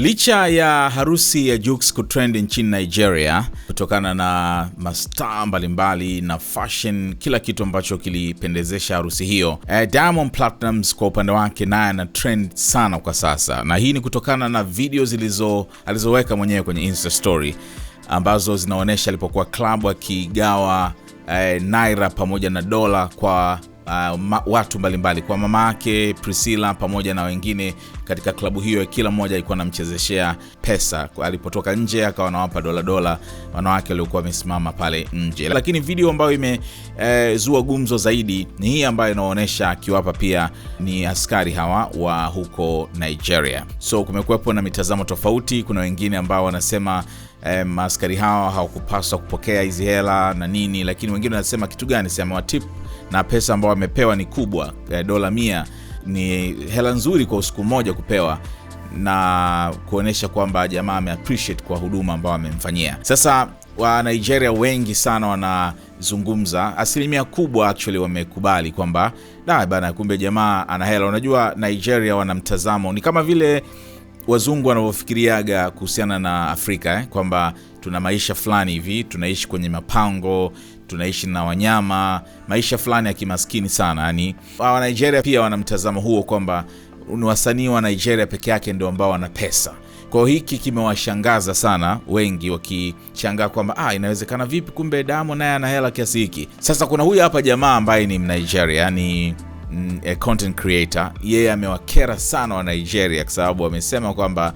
Licha ya harusi ya Jux kutrend nchini Nigeria kutokana na mastaa mbalimbali na fashion, kila kitu ambacho kilipendezesha harusi hiyo, eh, Diamond Platnumz kwa upande wake naye ana trend sana kwa sasa, na hii ni kutokana na video zilizo alizoweka mwenyewe kwenye Insta story ambazo zinaonyesha alipokuwa klabu akigawa eh, naira pamoja na dola kwa uh, ma, watu mbalimbali kwa mama yake Priscilla pamoja na wengine katika klabu hiyo, kila mmoja alikuwa anamchezeshea pesa. Alipotoka nje akawa anawapa dola dola wanawake waliokuwa wamesimama pale nje. Lakini video ambayo imezua e, gumzo zaidi ni hii ambayo inaonyesha akiwapa pia ni askari hawa wa huko Nigeria. So kumekuwepo na mitazamo tofauti. Kuna wengine ambao wanasema eh, maaskari hawa hawakupaswa kupokea hizi hela na nini, lakini wengine wanasema kitu gani, si na pesa ambayo wamepewa ni kubwa eh, dola mia ni hela nzuri kwa usiku mmoja kupewa na kuonyesha kwamba jamaa ameappreciate kwa huduma ambayo amemfanyia. Sasa wa Nigeria wengi sana wanazungumza, asilimia kubwa actually wamekubali kwamba da bana, kumbe jamaa ana hela. Unajua Nigeria wana mtazamo, ni kama vile wazungu wanavyofikiriaga kuhusiana na Afrika eh, kwamba tuna maisha fulani hivi, tunaishi kwenye mapango, tunaishi na wanyama, maisha fulani ya kimaskini sana. Yani wanigeria pia wana mtazamo huo kwamba ni wasanii wa Nigeria peke yake ndio ambao wana pesa. kwao hiki kimewashangaza sana wengi, wakichangaa kwamba ah, inawezekana vipi kumbe damo naye ana hela kiasi hiki. Sasa kuna huyu hapa jamaa ambaye ni Mnigeria yani Mm, content creator yeye, yeah, amewakera sana wa Nigeria kwa sababu amesema kwamba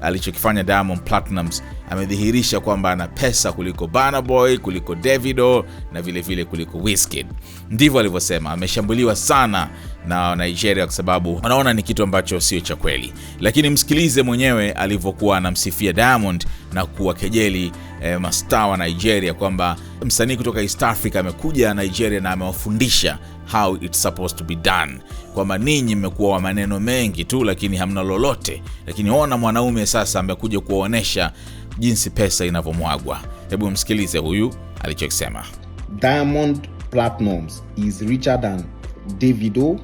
alichokifanya Diamond platinums amedhihirisha kwamba ana pesa kuliko Burna Boy, kuliko Davido na vilevile vile kuliko Wizkid. Ndivyo alivyosema. Ameshambuliwa sana na Nigeria kwa sababu wanaona ni kitu ambacho sio cha kweli, lakini msikilize mwenyewe alivyokuwa anamsifia Diamond na kuwakejeli eh, mastaa wa Nigeria kwamba msanii kutoka East Africa amekuja Nigeria na amewafundisha how it's supposed to be done, kwamba ninyi mmekuwa wa maneno mengi tu, lakini hamna lolote. Lakini ona mwanaume sasa amekuja kuwaonyesha jinsi pesa inavyomwagwa. Hebu msikilize huyu alichosema. Diamond Platnumz is richer than Davido,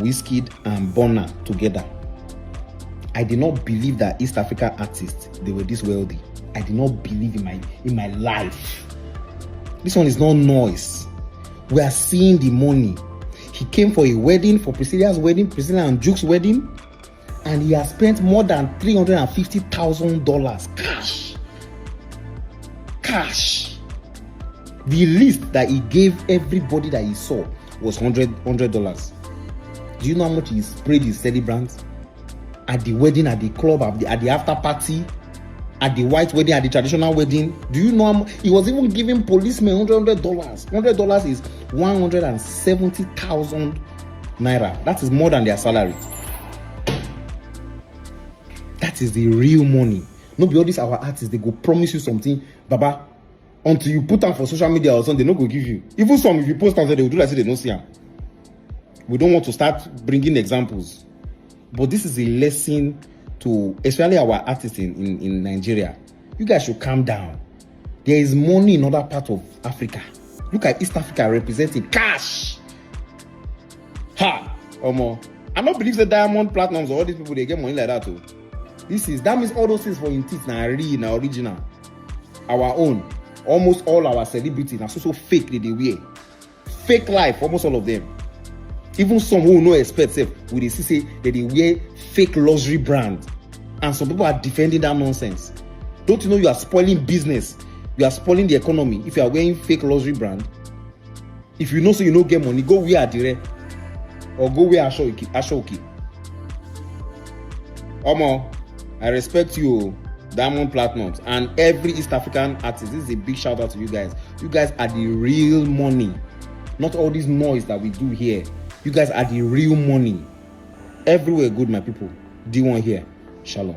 whiskid and bona together. I did not believe that East Africa artists they were this wealthy. I did not believe in my in my life. This one is not noise. We are seeing the money. He came for a wedding, for Priscilla's wedding, Priscilla and Duke's wedding, and he has spent more than $350,000 cash. Cash. The list that he gave everybody that he saw was $100. $100. Do you know how much he sprayed his celebrants? At the wedding, at the club, at the, at the after party, at the white wedding at the traditional wedding do you know how much he was even giving policemen hundred hundred dollars hundred dollars is one hundred and seventy thousand naira that is more than their salary that is the real money no be all this our artists they go promise you something baba until you put am for social media or something they no go give you even some if you post am say they go do like say they no see am we don't want to start bringing examples but this is a lesson to especially our artists in, in, in Nigeria. You guys should calm down. There is money in other parts of Africa. Look at East Africa representing cash. Ha! Omo. I don't believe the diamond platinums or all these people they get money like that too. Oh. This is that means all those things for in teeth now real now original. Our own. Almost all our celebrities are so so fake that they wear. Fake life, almost all of them even some who we no expect sef we dey see say dem dey wear fake luxury brand and some people are defending that nonsense don't you know you are spoiling business you are spoiling the economy if you are wearing fake luxury brand if you know say so you no get money go wear adire or go wear asoke asoke omo i respect you o diamond platinum and every east african artist this is a big shout out to you guys you guys are the real money not all this noise that we do here You guys are the real money. Everywhere good, my people. D1 here. Shalom.